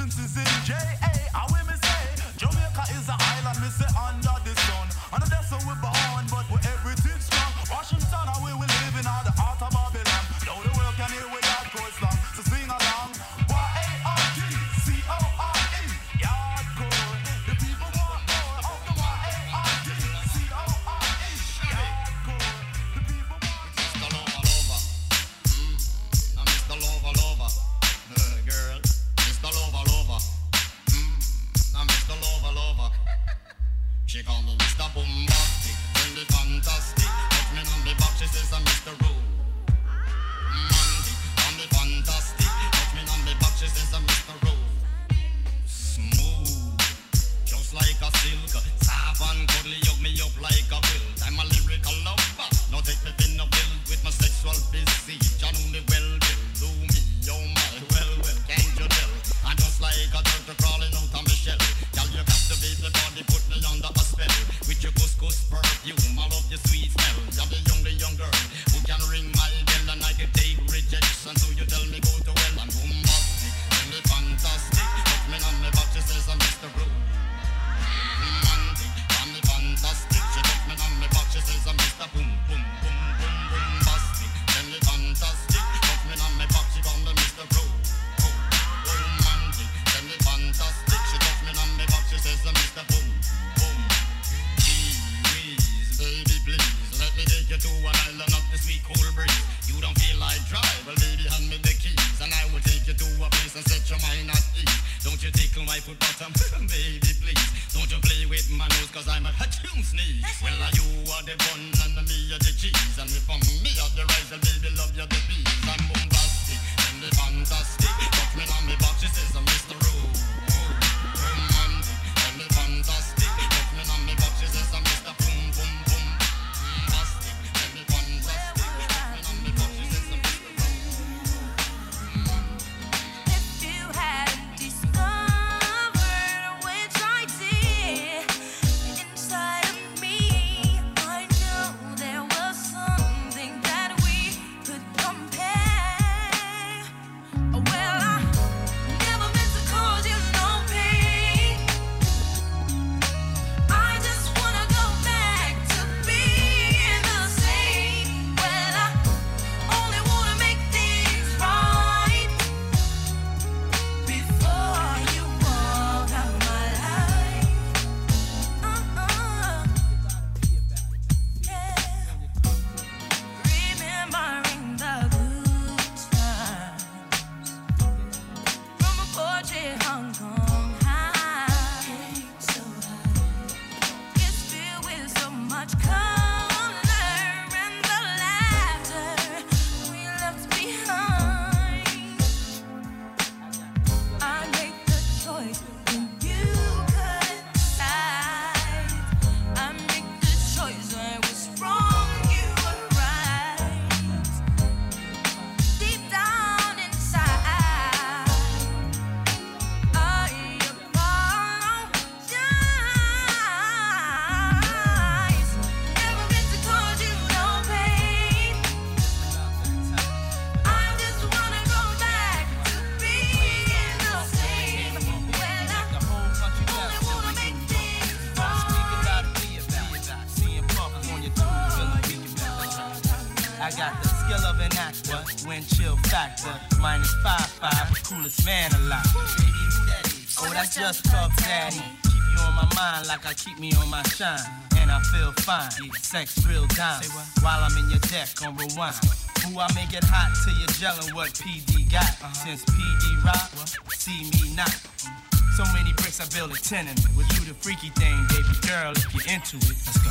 sentences in J.A. I we me say, Jamaica is an island, me say under the sun. And that's how we born. my shine, and I feel fine. Sex real time while I'm in your deck on rewind. Who I make it hot till you're gelling what PD got. Uh-huh. Since PD rock, see me not. So many bricks I build a tenement. With you the freaky thing, baby girl, if you're into it, let's go.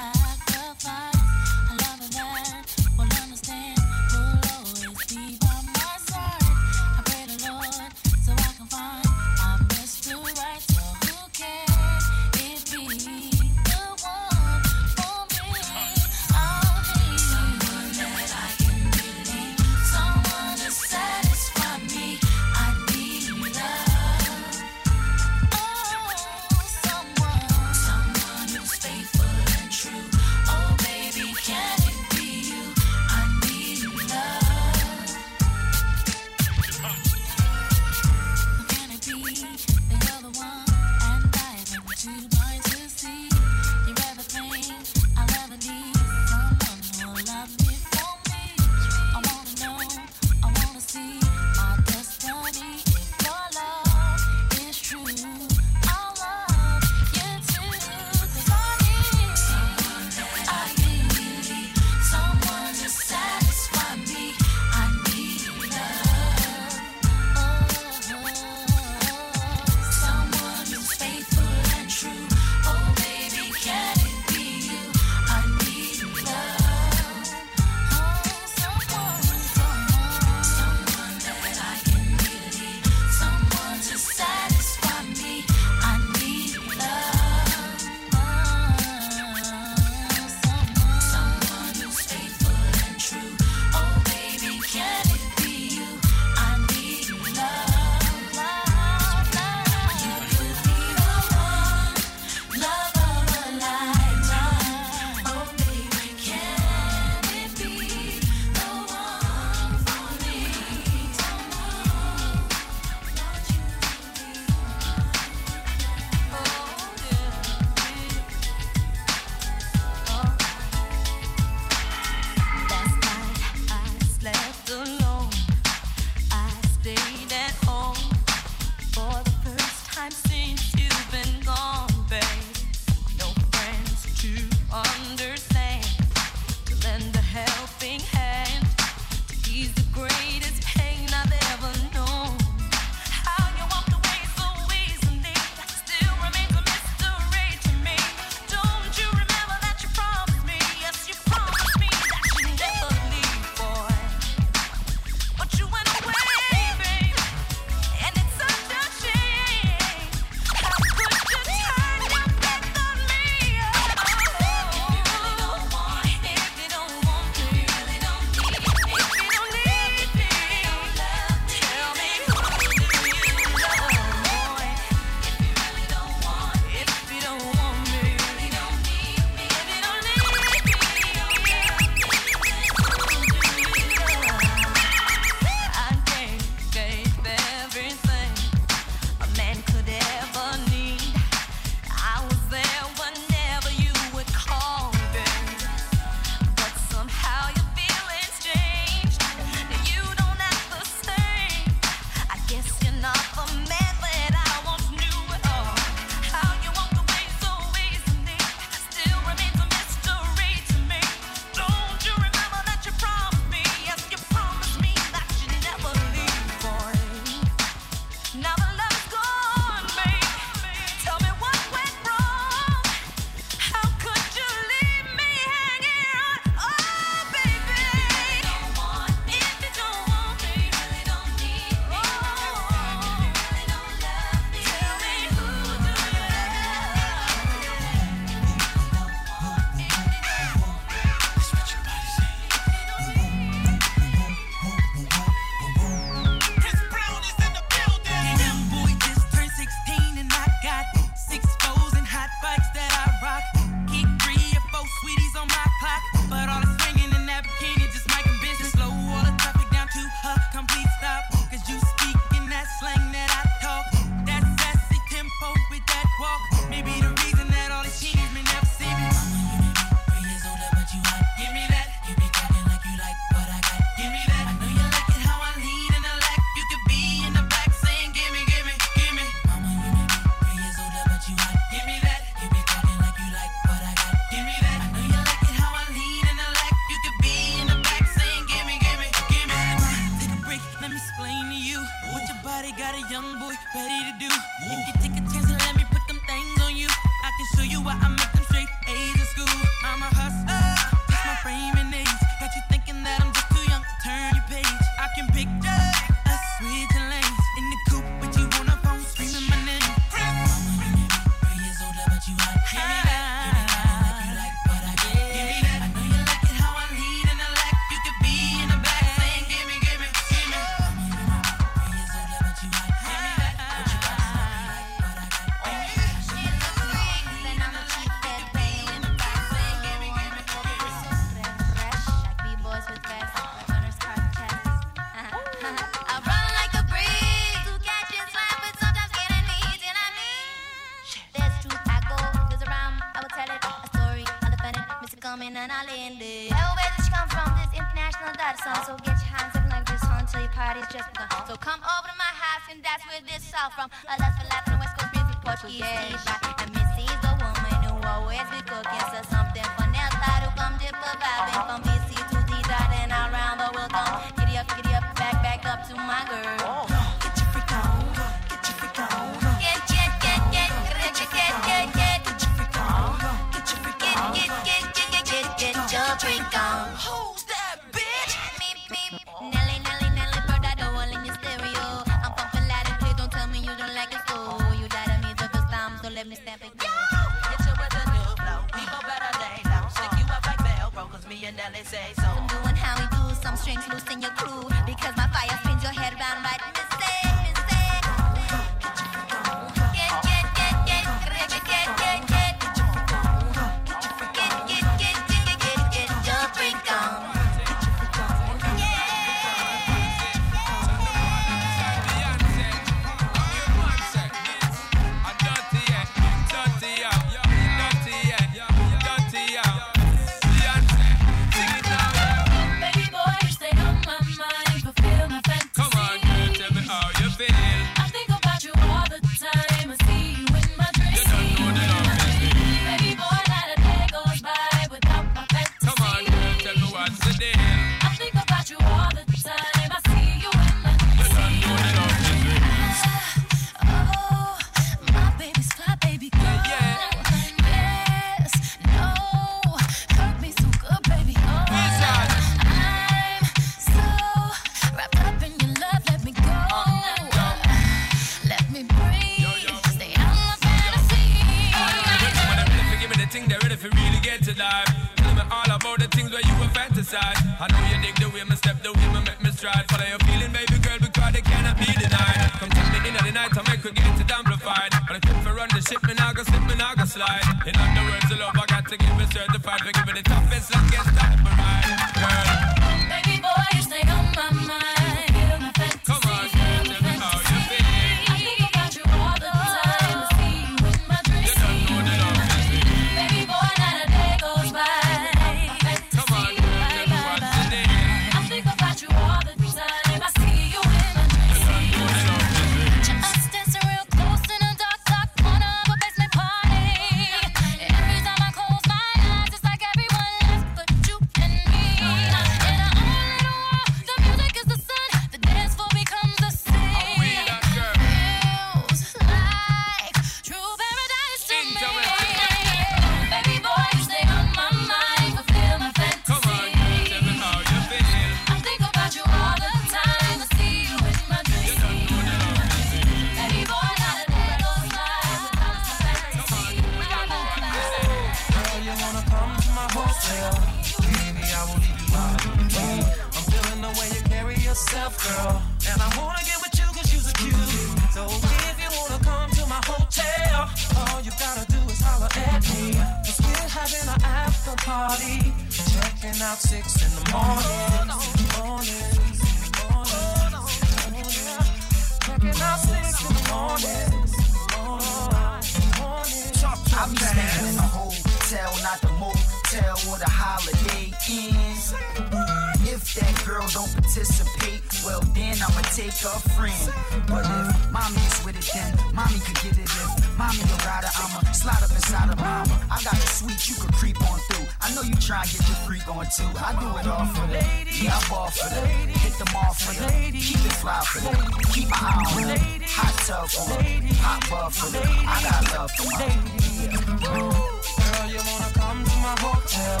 Slide up inside of mama. I got the sweet you can creep on through. I know you try and get your freak on too. I do it all for the Yeah, I ball for the Hit them all for the Keep it fly for the Keep my eye on them. Hot tub for lady, Hot buff for lady, I got love for my yeah. Girl, you wanna come to my hotel?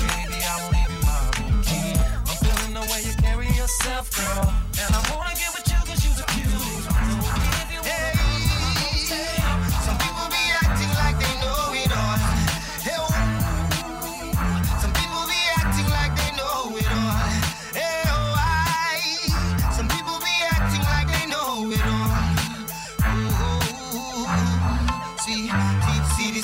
Baby, I won't even mind. I'm feeling the way you carry yourself, girl. And I wanna get with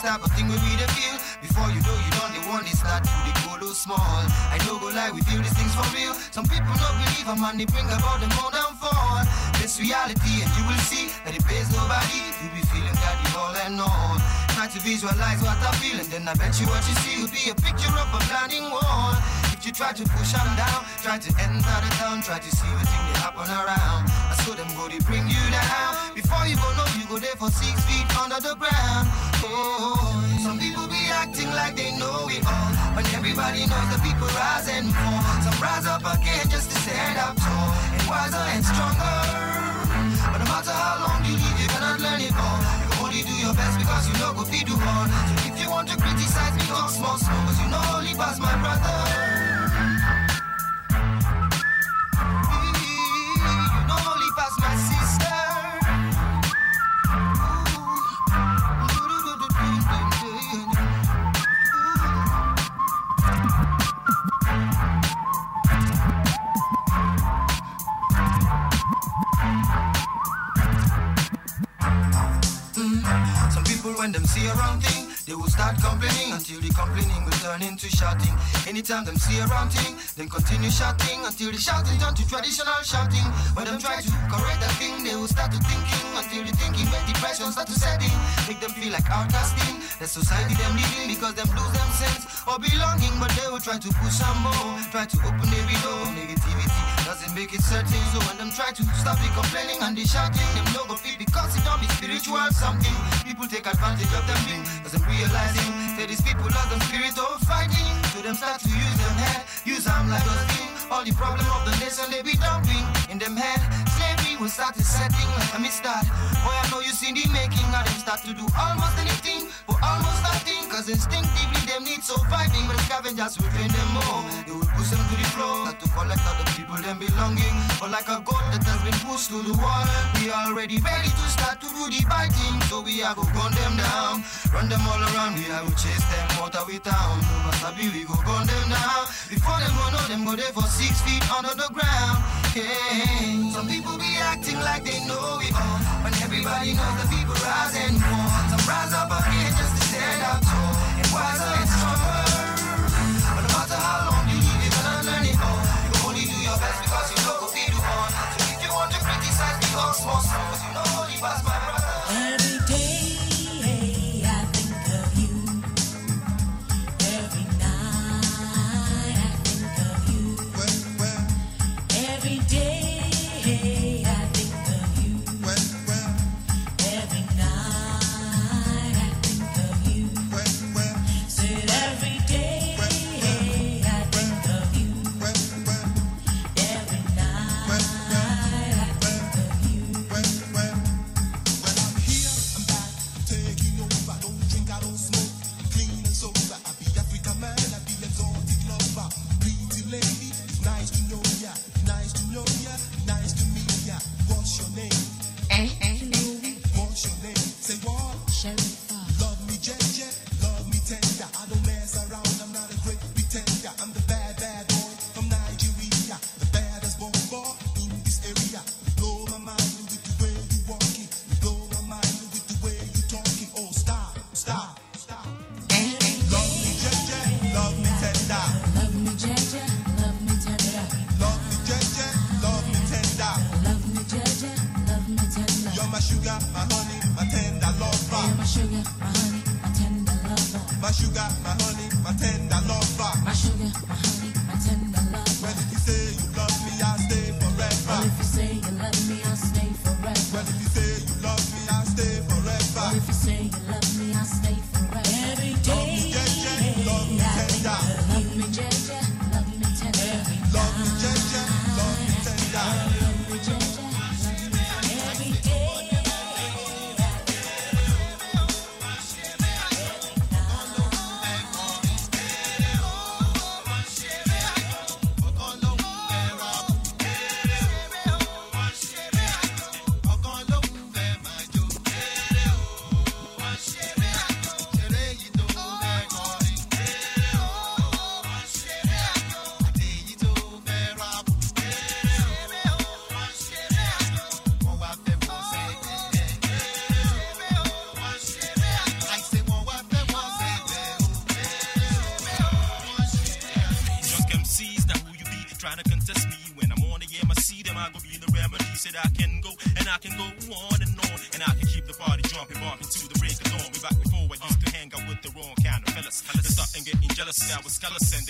type of thing we be the feel. Before you know you don't the one, it's not you, the go low small. I know go lie, we feel these things for real. Some people do not believe a man, they bring about the more downfall. This reality, and you will see that it pays nobody. You be feeling that you all and all trying to visualize what I feel, and then I bet you what you see will be a picture of a blinding wall. If you try to push them down, try to enter the town, try to see what thing they happen around. I saw them go, they bring you down. Before you go, no, you go there for six feet under the ground. Oh, some people be acting like they know it all, but everybody knows the people rise and fall. Some rise up again just to stand up tall and wiser and stronger. But no matter how long you live, you cannot learn it all only do your best because you know go feed do one. if you want to criticize me, talk small, small, cause you know only pass my brother. people when them see a wrong thing, they will start complaining until the complaining will turn into shouting. Anytime them see a wrong thing, then continue shouting until the shouting turn to traditional shouting. When them try to correct the thing, they will start to thinking until the thinking when depression start to set in. Make them feel like outcasting, the society them leaving because them lose them sense or belonging. But they will try to push some more, try to open every door, negativity make it certain. So when them try to stop it complaining and they shouting, them no go fit because it don't be spiritual something. People take advantage of them being, Cause I'm realizing that these people are the spirit of fighting. So them start to use them head, use them like a thing. All the problem of the nation they be dumping in them head will start to setting like a mistart. Boy, I know you seen the making of them start to do almost anything for almost nothing. Cause instinctively them need surviving, but the scavengers will find them all. They will push them to the floor, start to collect all the people them belonging. But like a goat that has been pushed to the wall, we already ready to start to do the biting. So we have to gun them down, run them all around, we have to chase them out of we town. No matter we go gun them down. Before them go know them go there for six feet under the ground change. Some people be acting like they know it all, when everybody knows that people rise and fall. Some rise up again just to stand up tall and wiser and stronger. But no matter how long you live, you're gonna learn it all. You can only do your best because you know what you do on. So if you want to criticize, be all small, small, but you know only pass by. Ellison.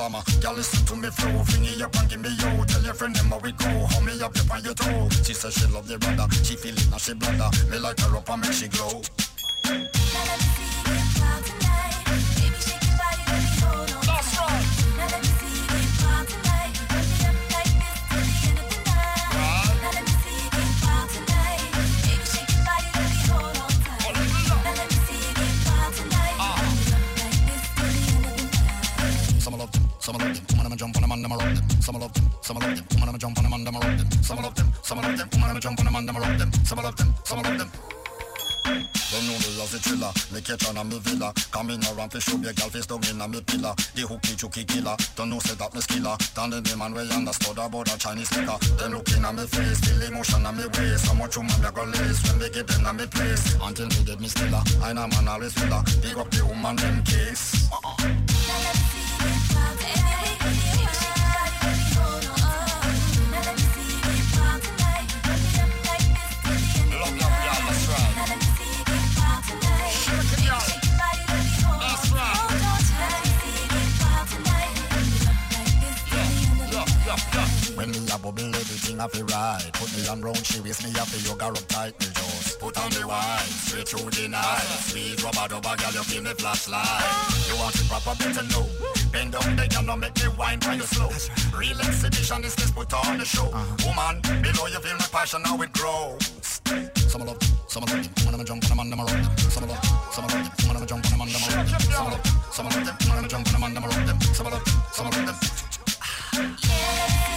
stamma Gallis tog mig från finger banken med jag Täljer för när man vill gå Har mig uppe på She says she kyl av det She feeling filina, she blöda Me like a ropa, me she glow this nigga. put me on round, she waist me up, the yoga up tight, me just put on the wine, straight through the night. Sweet rubber dubber, girl, you give me flashlight. You want it proper, better know. Bend down the girl, now make me wine for you slow. Real exhibition is put on the show. Uh-huh. Woman, below you feel my passion, now it grows. Some of love, some of love, when I'm a jump, when I'm on the road. Some of love, some of love, when I'm a jump, when I'm on the road. Some of love, some of love, when I'm a jump, when I'm on the road. Some of love, some of love. Yeah.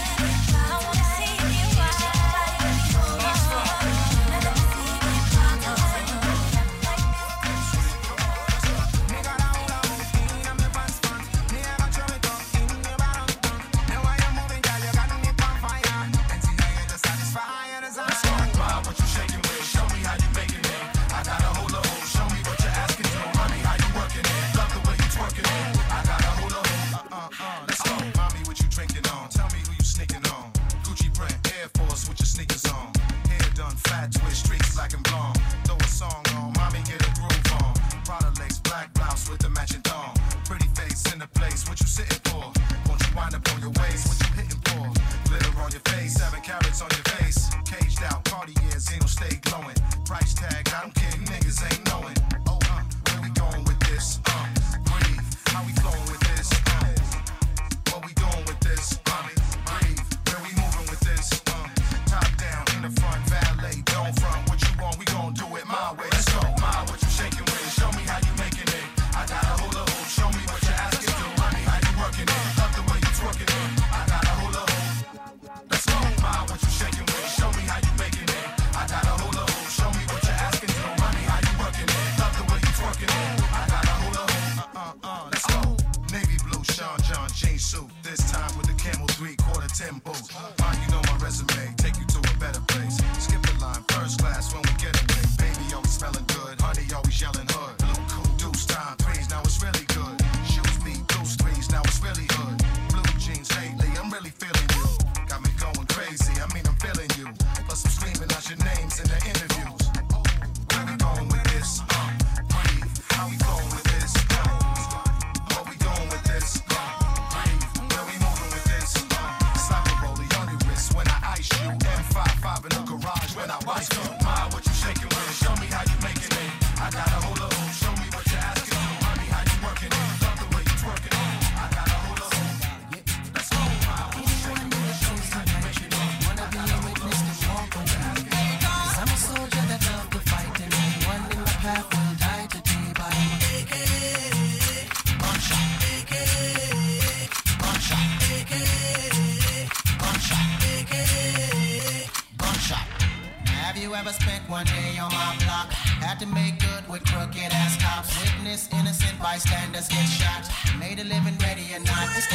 day on my block. Had to make good with crooked ass cops. Witness innocent bystanders get shot. Made a living ready or not. This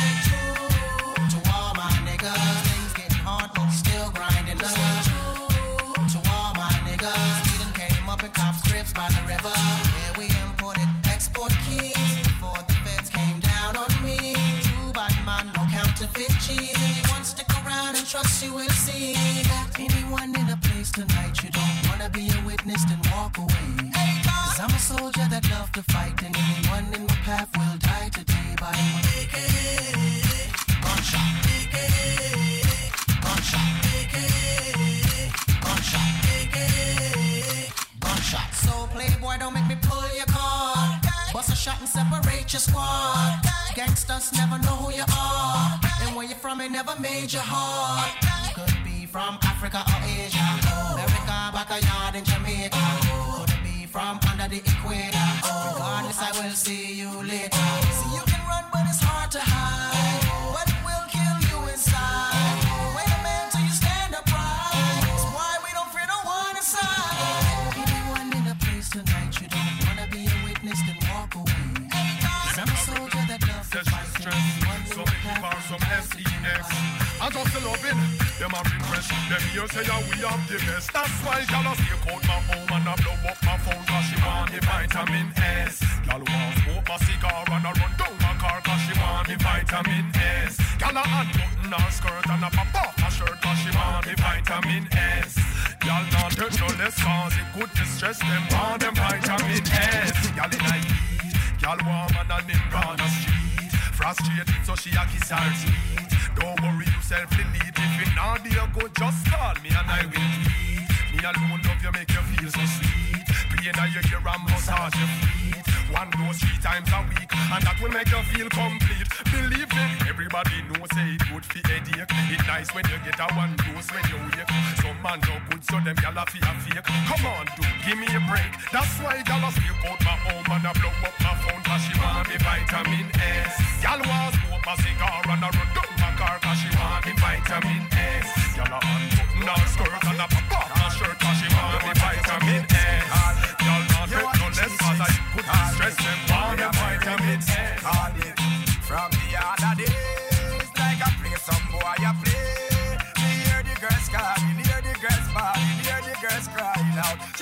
out.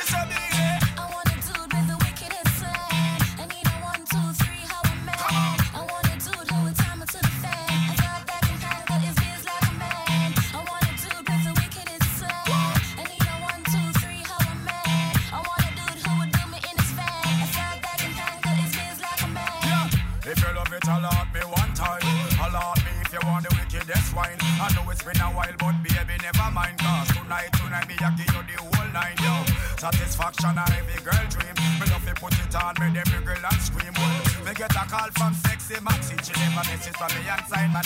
This is the me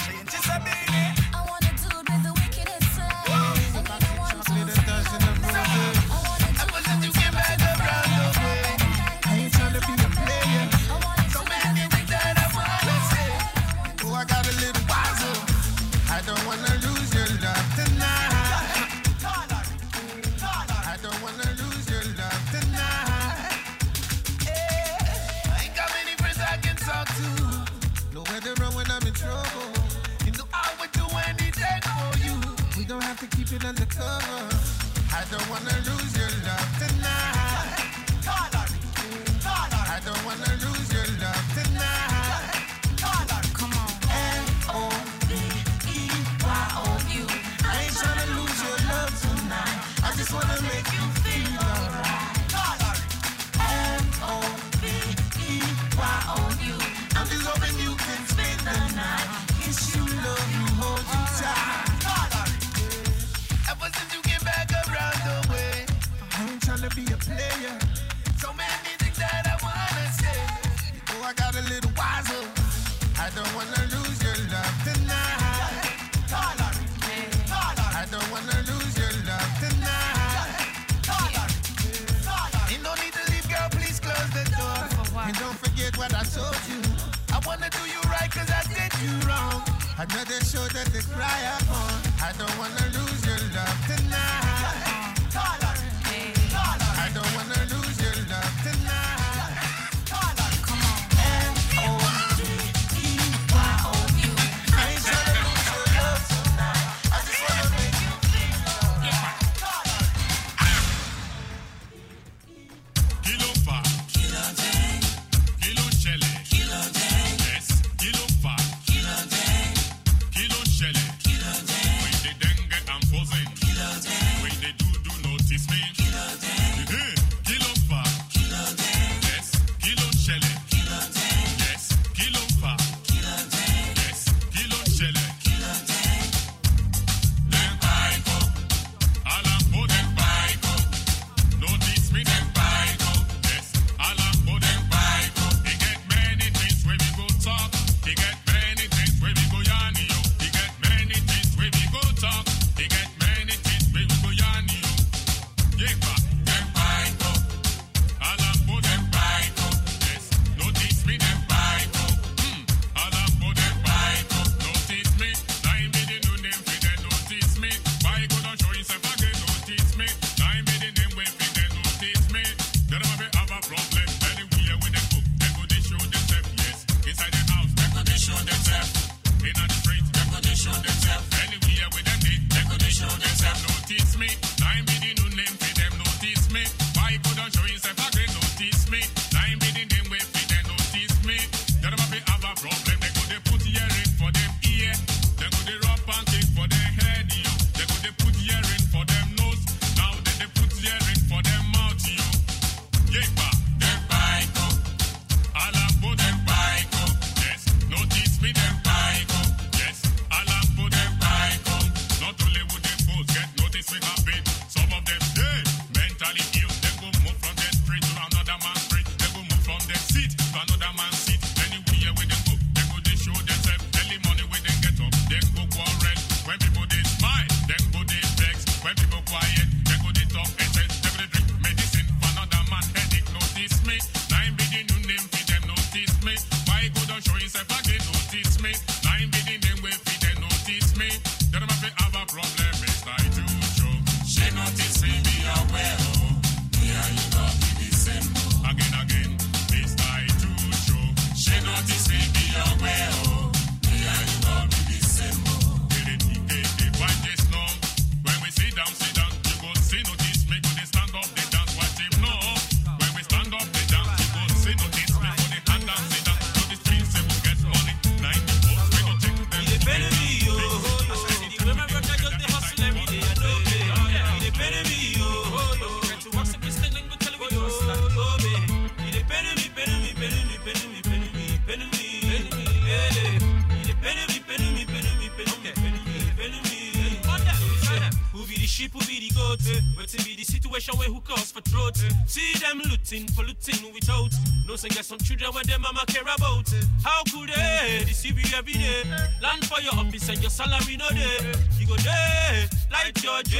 way who cause for throat. See them looting, polluting without. No saying there's some children where their mama care about. How could they deceive you every day? Land for your office and your salary no day. You go there, like your J.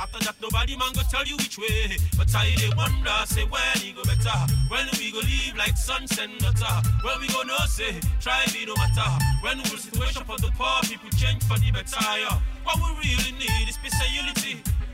After that, nobody man go tell you which way. But I they wonder, say when he go better. When we go leave like suns and water. When we go no say, try be no matter. When will situation for the poor people change for the better? Yeah. What we really need is peace and unity.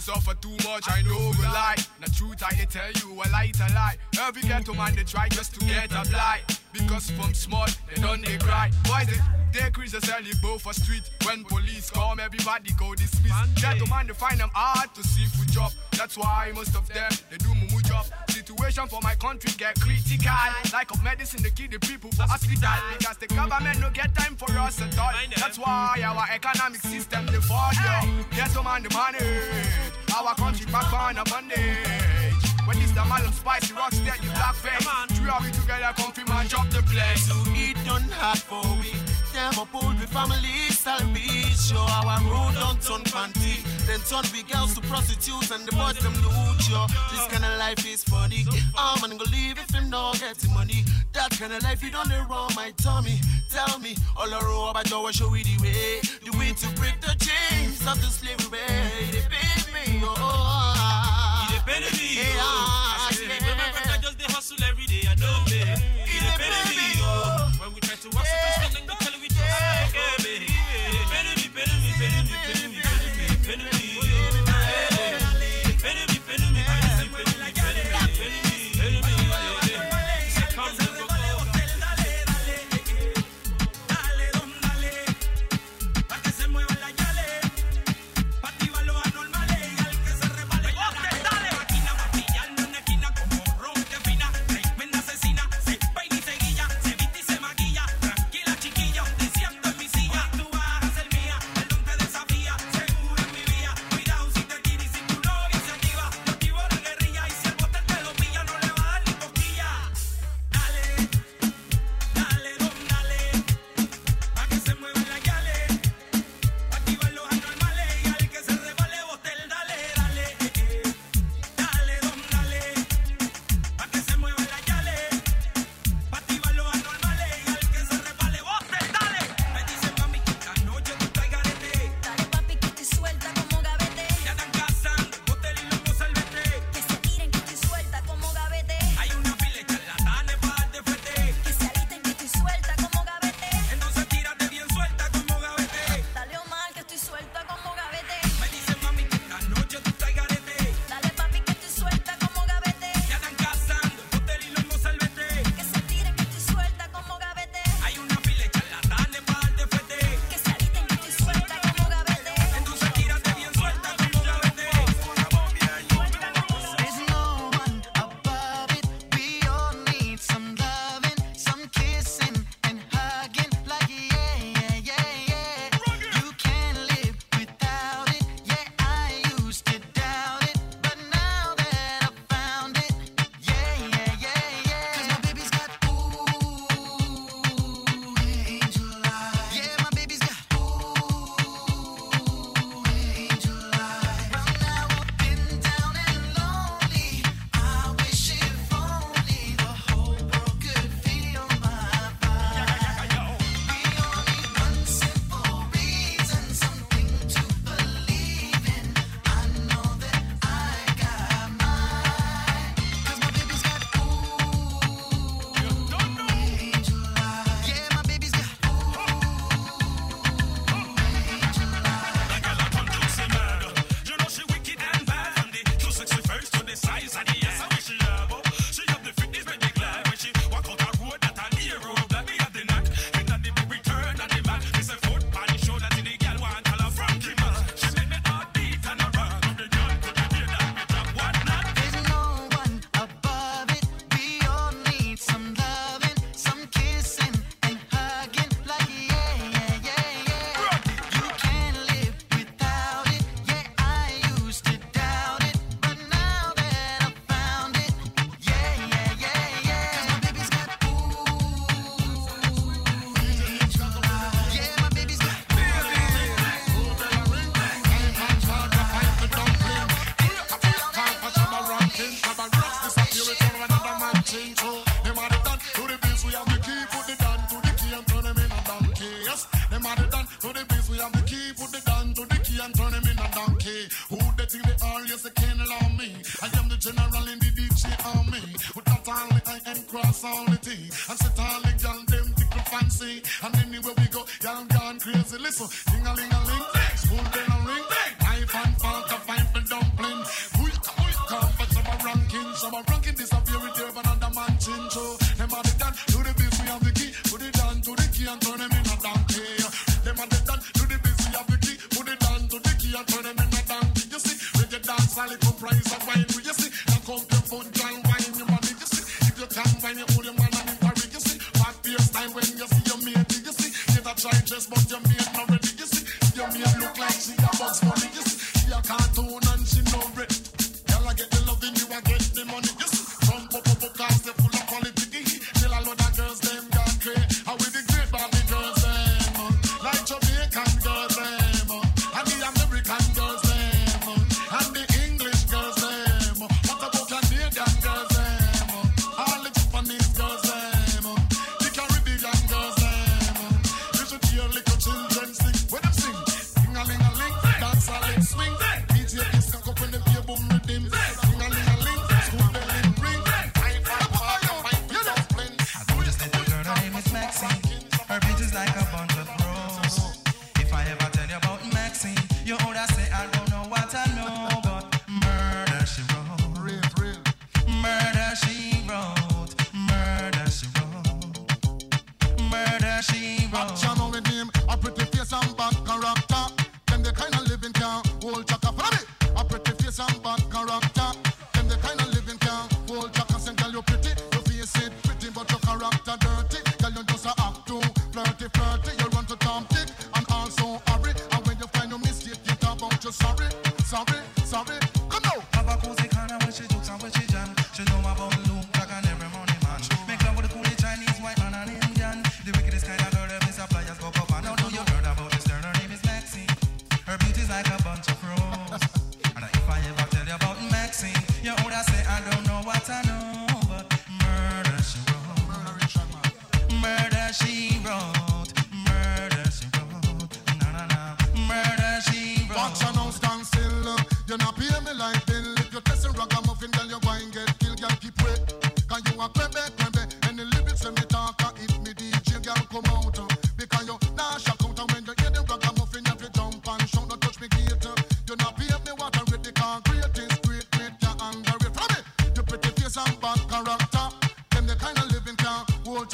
Suffer too much, I know we lie. The truth I tell you, a lie a lie. Every ghetto man they try just to get a blight. Because from small, they don't they cry. Why they they crazy a sell both for street. When police come, everybody go dismiss. Get to man, they find them hard to see for job. That's why most of them they do mumu job. Situation for my country get critical. Like of medicine, they kill the people for hospital. Because the government no get time for us at all. That's why our economic system they fall. Get to man the money. Our country back on a Monday. When it's the malum spicy rocks then you black face. Three of we together come from and job the place. So it don't hard for we. Them up all the family Show Our road don't turn panty. Then turn we girls to prostitutes and the boys them loot yo. This kind of life is funny. I'm gonna leave if him not getting money. That kind of life you don't wrong, my tummy. Tell me all I row about your show we the way. The way to break the chains of the slavery. They me. Oh. I it, my know It When we try to hustle, yeah. they tell we just yeah. like, baby. Who the thing they are? Yes, they can't allow me. I am the general in the DJ army. With that all, I am cross all the I set all the you them tickle fancy. And anywhere we go, y'all gone crazy. Listen, ding a ling a ling, spoon bell a ring. Knife and fork, a fine for dumpling. Who come for some ranking? Some ranking This a rise bad character. Them the kind of living can't hold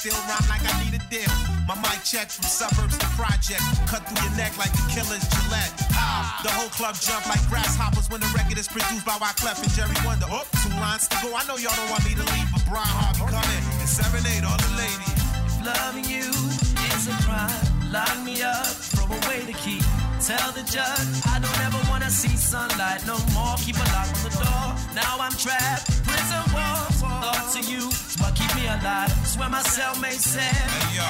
still rhyme like I need a deal. My mic checks from suburbs to projects. Cut through your neck like the killer's Gillette. the whole club jump like grasshoppers when the record is produced by Wyclef and Jerry Wonder. Oh, two lines to go. I know y'all don't want me to leave, but Brian Harvey come and serenade all the ladies. If loving you is a crime, lock me up, throw away the key. Tell the judge I don't ever wanna see sunlight no more. Keep a lock on the door. Now I'm trapped heart to you. It's what keep me alive. It's where my cellmate said. Hey, yo,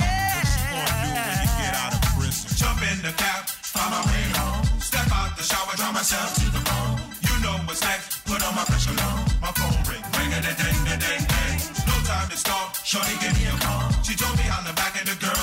what you gonna do when you get out of prison? Jump in the cab, find my way home. Step out the shower, draw myself to the bone. You know what's next, put on my pressure on. My phone ring, ring a ding, ding, ding, ding. No time to stop, shorty give me a call. She told me I'm the back of the girl.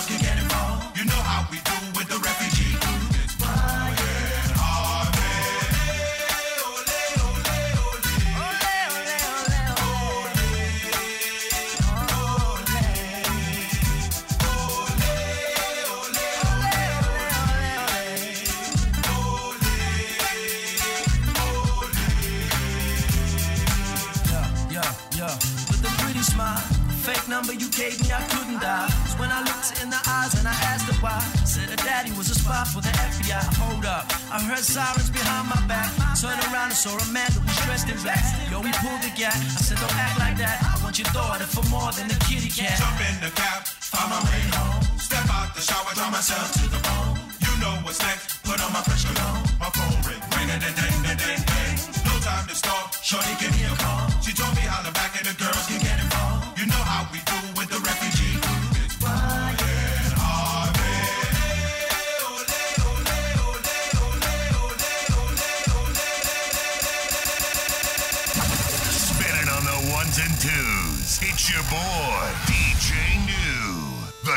spot for the FBI. Hold up, I heard sirens behind my back. Turn around and saw a man that was dressed in black. Yo, we pulled the gap. I said, don't act like that. I want your daughter for more than a kitty cat. Jump in the cab, find my way home. Step out the shower, draw myself to the bone. You know what's next. Put on my pressure cologne. My phone ring, ring a ding ding ding ding. No time to stop. Shorty, give me a call. She told me how to back at the girl.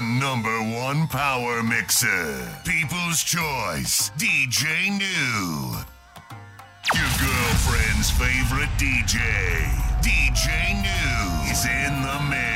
number one power mixer. People's Choice, DJ New. Your girlfriend's favorite DJ, DJ New, is in the mix.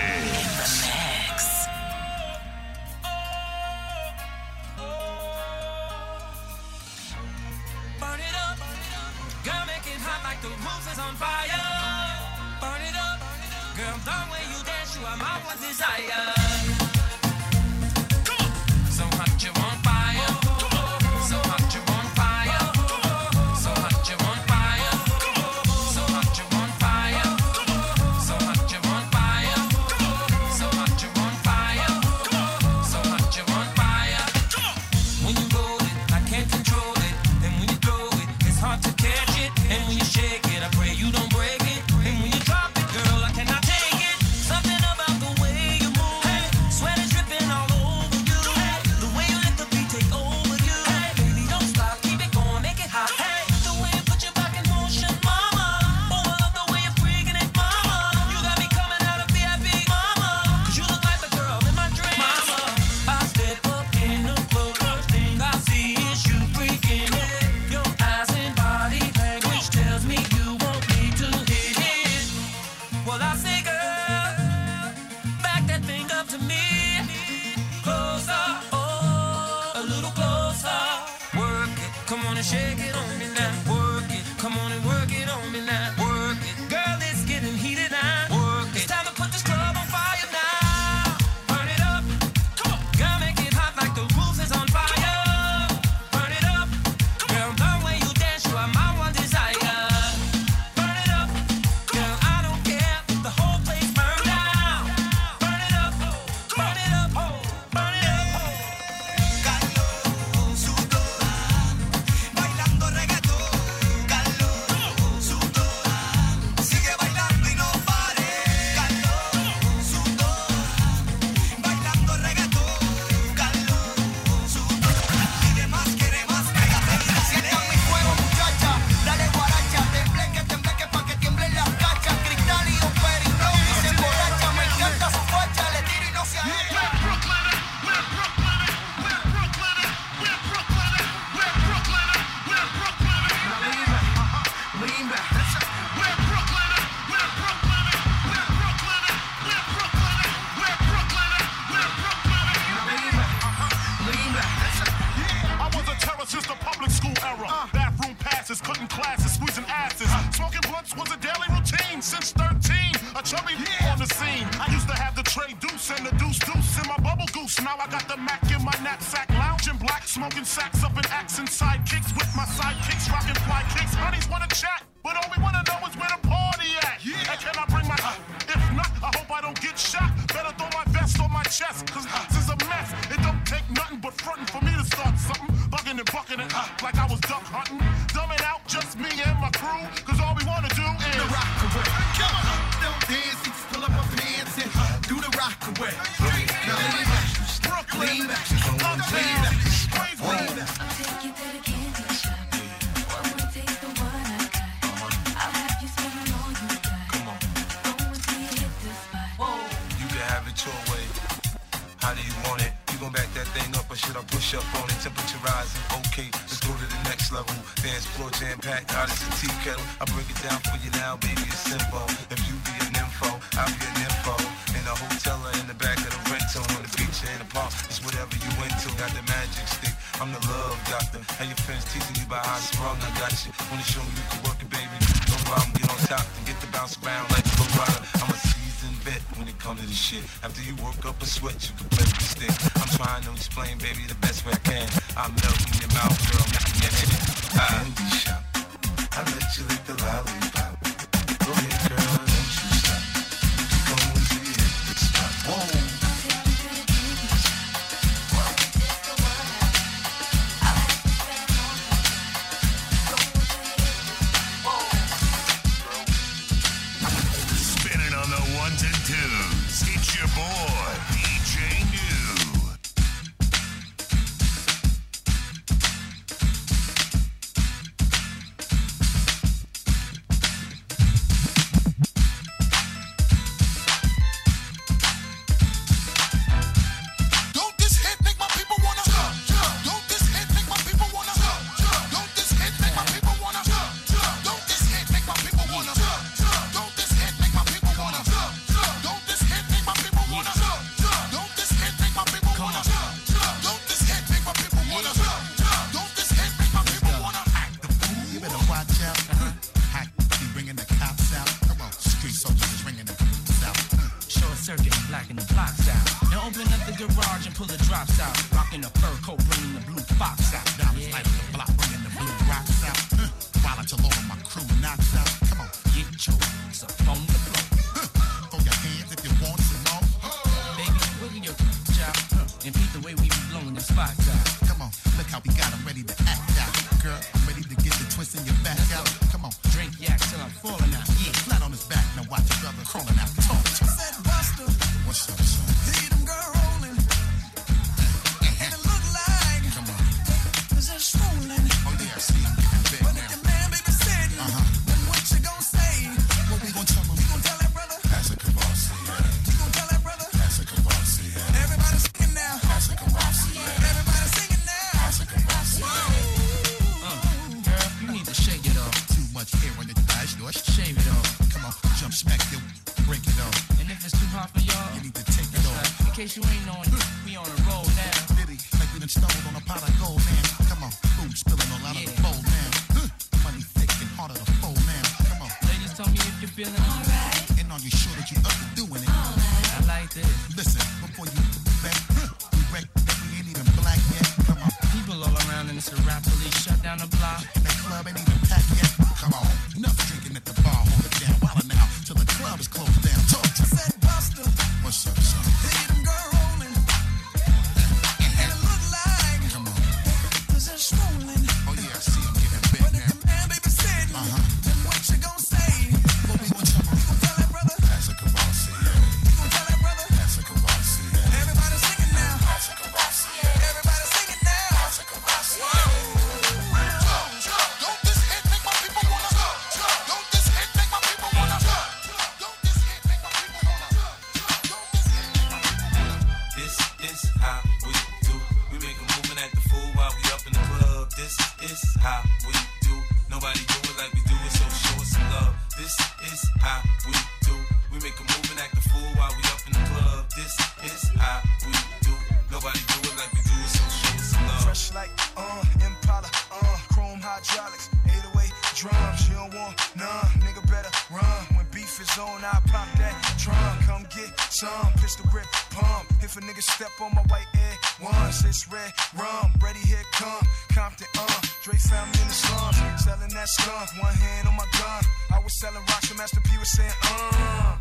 If it's on, I pop that trunk. Come get some pistol grip pump. If a nigga step on my white egg once, it's red rum. Ready, here come Compton, uh. Dre found me in the slums, selling that skunk. One hand on my gun. I was selling rocks, and Master P was saying, uh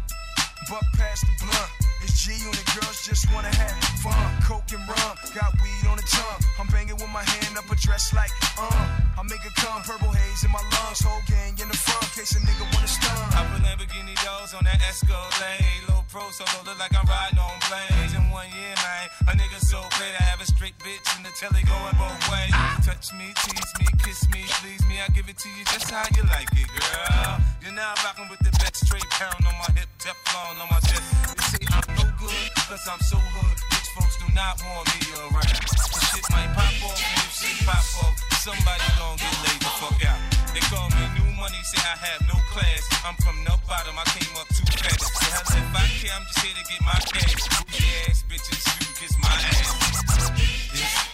buck past the blunt. It's G and the girls just wanna have fun. Coke and rum, got weed on the tongue. I'm banging with my hand up a dress like, um. I make a come, purple haze in my lungs. Whole gang in the front, case a nigga wanna stun. I put Lamborghini doors on that Escalade. Low pro solo, look like I'm riding on blades. In one year, man, a nigga so great. I have a straight bitch in the telly going both ways. Touch me, tease me, kiss me, please me. I give it to you just how you like it, girl. You're now rocking with the best. Straight pound on my hip, Teflon on my chest. They say I'm no good, cause I'm so hood. Rich folks do not want me around. The shit might pop off, and shit pop off, somebody gon' get laid the fuck out. They call me new money, say I have no class. I'm from the bottom, I came up too fast. Say I said, if I care, I'm just here to get my cash. Booty ass bitches, you kiss my ass.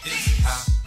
This is how.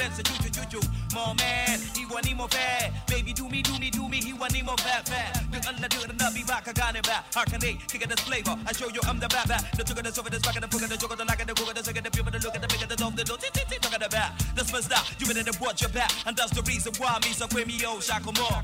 sense juju juju. More man, he want him more bad. Baby, do me, do me, do me, he want him more bad, bad. Look, I'm not doing enough, be back, I got it back. Harken, hey, kick this flavor. I show you I'm the bad, bad. The took of the sofa, the socket, the book, the joke, the lack, the book, the second, the people, the look at the bigger, the dog, the dog, look at the bad. This must stop, you better watch your back. And that's the reason why me so quit oh, shackle more.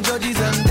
and judges and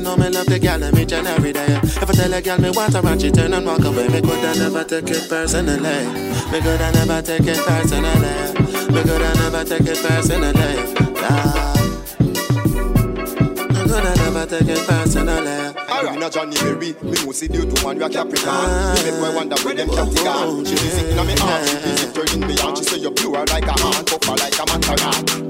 you know me love the girl, and me each every day. If I tell a girl me want her and she turn and walk away, me coulda never take it personally. Me coulda never take it personally. Me coulda never take it personally. Nah. Me coulda never take it personally. Alright, me not Johnny Berry, me no see you two man, you a Capricorn. You make boy wonder where them Capricorn. Oh, she be sitting on me arm, she be turning me on. She say you pure like a hand, tougher like a mandarin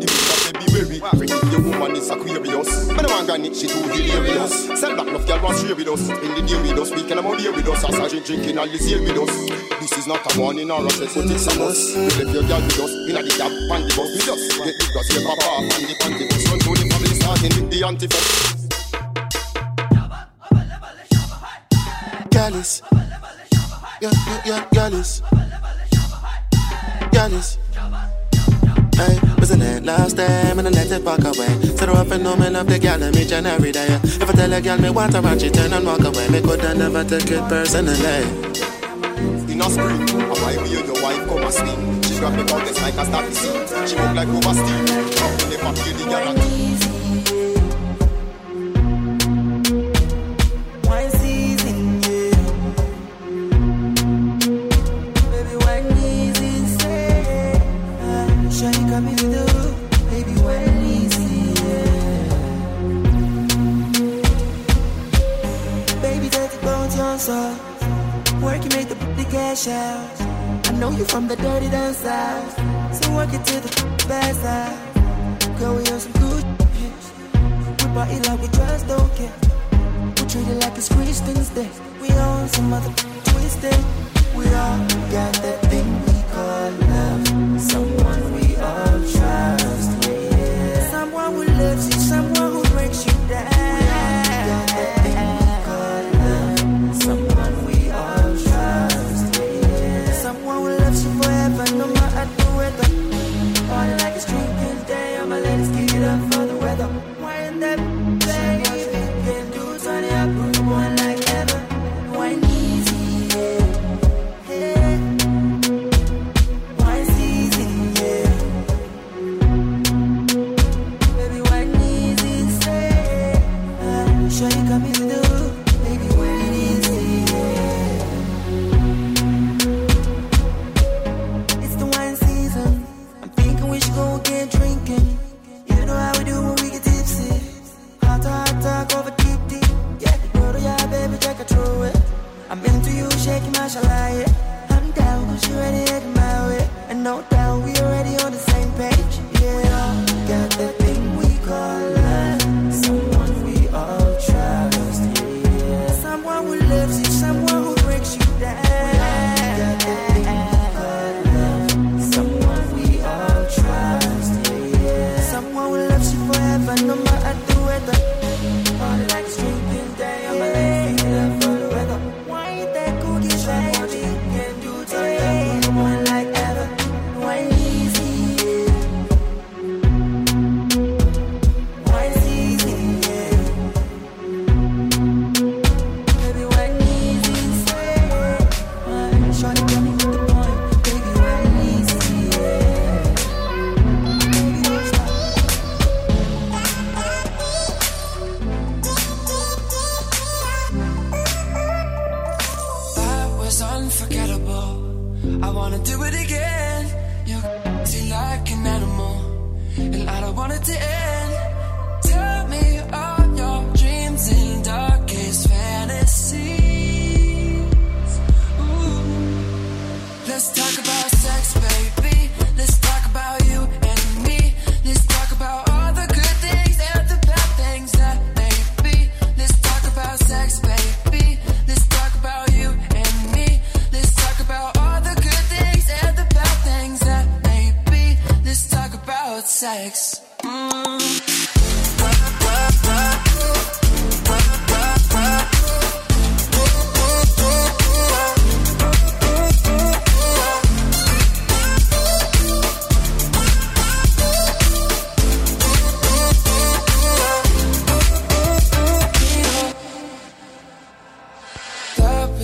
be woman is Aquarius. Man, I'm gonna she too delirious. Sell back love, girl, wants share with us. In the day with us, we can among here with us. As I drink, drinking, all you see with us. This is not a morning or a threat, but it's a must. left your girl with us. In a cab, the bus with us. Get the bus, your papa, and the panty bus. Run to the family, starting with the antifa. Gallus. Yeah, yeah, yeah, Gallus. Gallus. Hey, wasn't it last time? And I let it walk away. Set her up and know me love the gal and me each every day. If I tell a gal me what her and she turn and walk away, me could have never take it personally. In a spring, I wife you your wife come and steam. She grab the contest like a staffy seat. She look like over steam. Never feel the girl shells. I know you from the dirty down south, so work it to the bad side. Girl, we on some good shit. We party like we just don't care. We treat it like it's Christmas Day. We on some other twisted. We all got that thing we call love. Someone.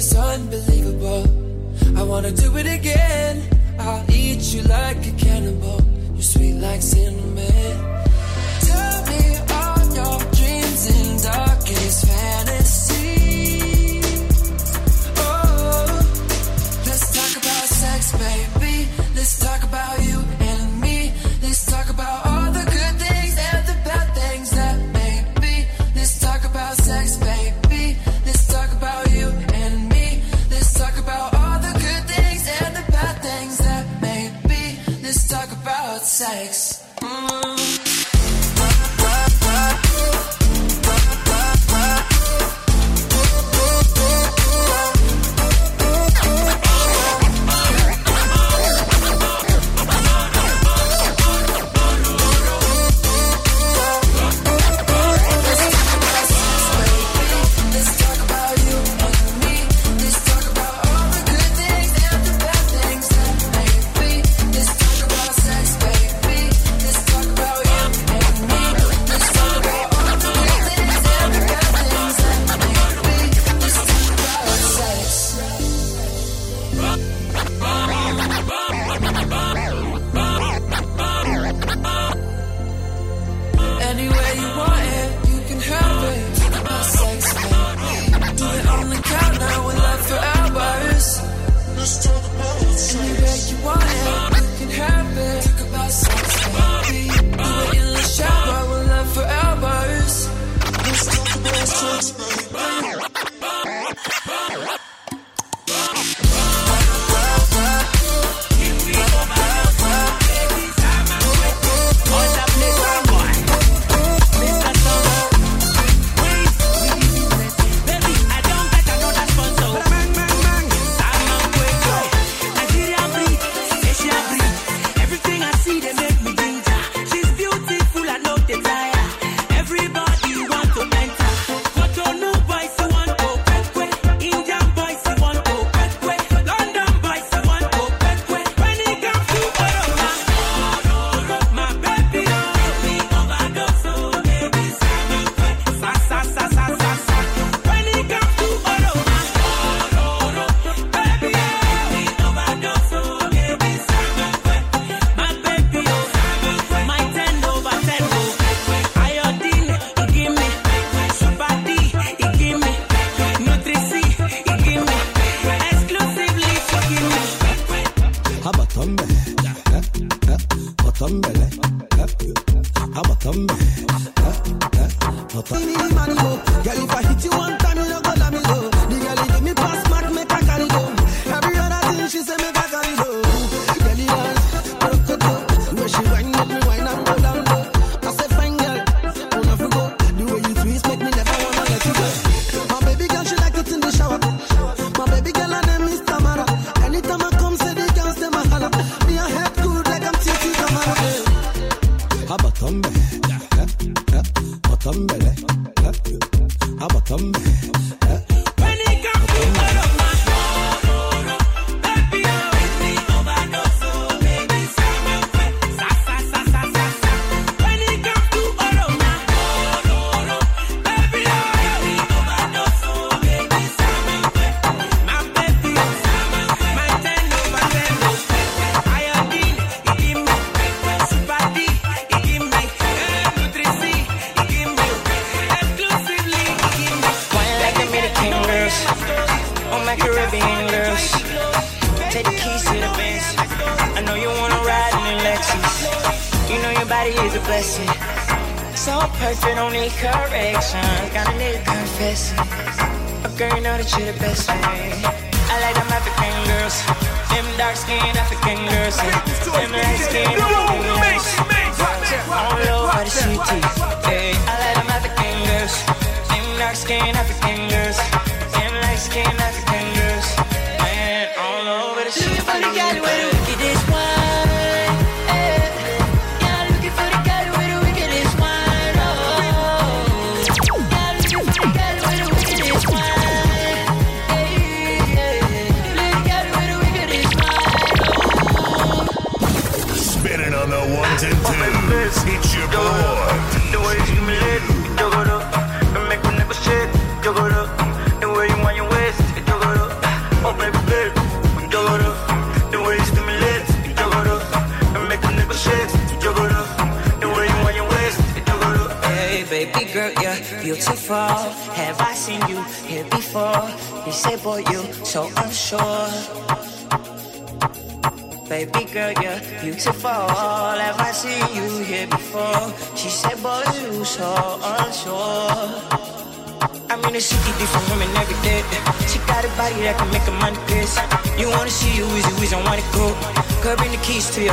It's unbelievable. I wanna do it again. I'll eat you like a cannibal. You're sweet like cinnamon.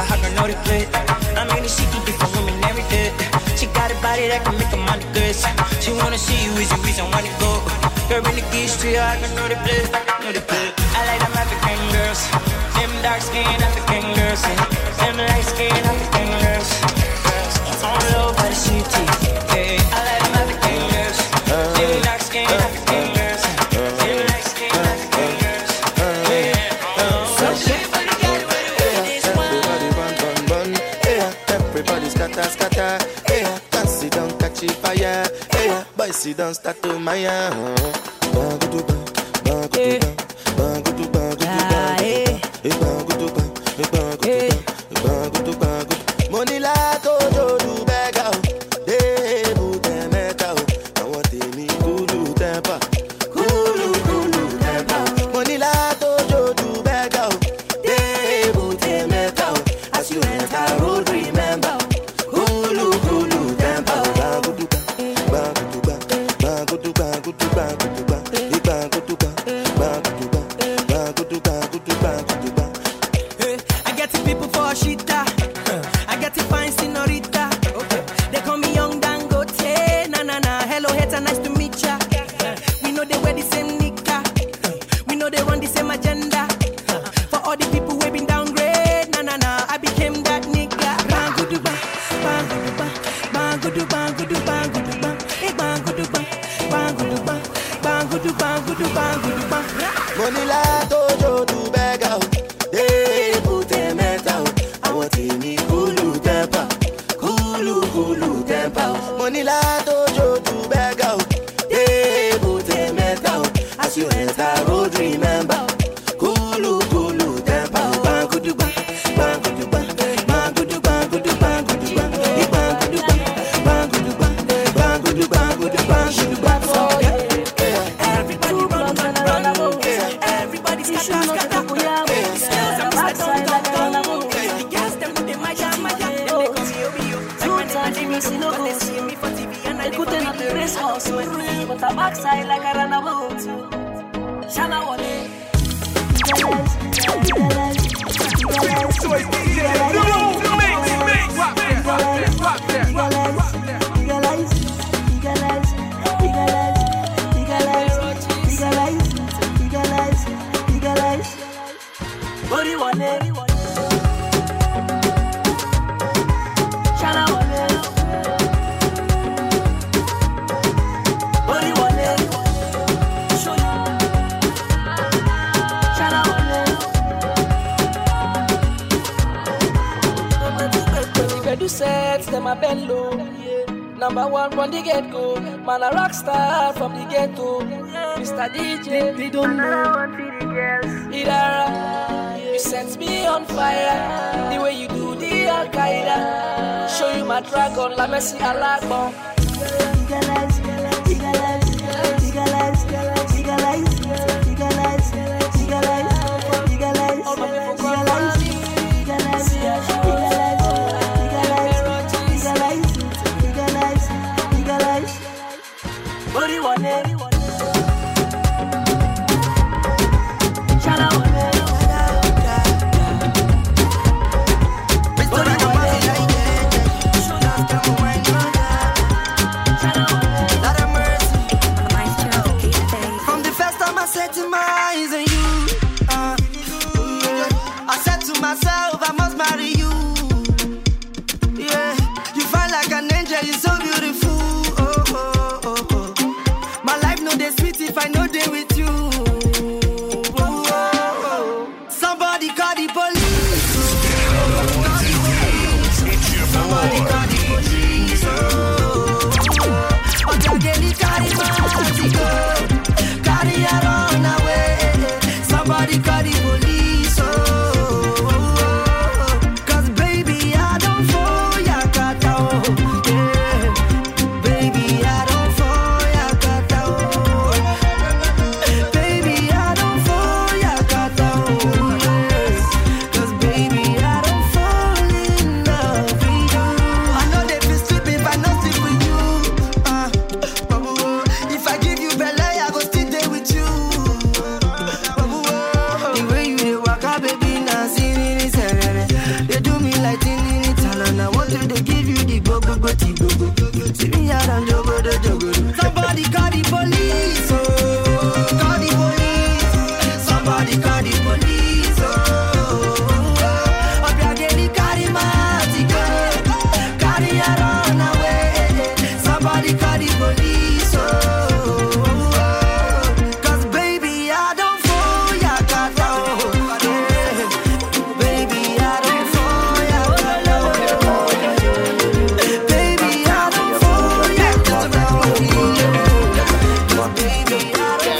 I know the good. I mean, she can get for women every She got a body that can make a money good. She wanna see you, is the reason why to go. Girl, in the geese tree, I can know the place. know the good. I like them African girls, them dark skin African girls. Yeah. hasta tu m y a m i my bed Number one from the get go. Man, a rock star from the ghetto. Mr. DJ, they don't know. Idara, you set me on fire. The way you do the Al Qaeda. Show you my dragon, La Messi see Legalize, legalize, legalize.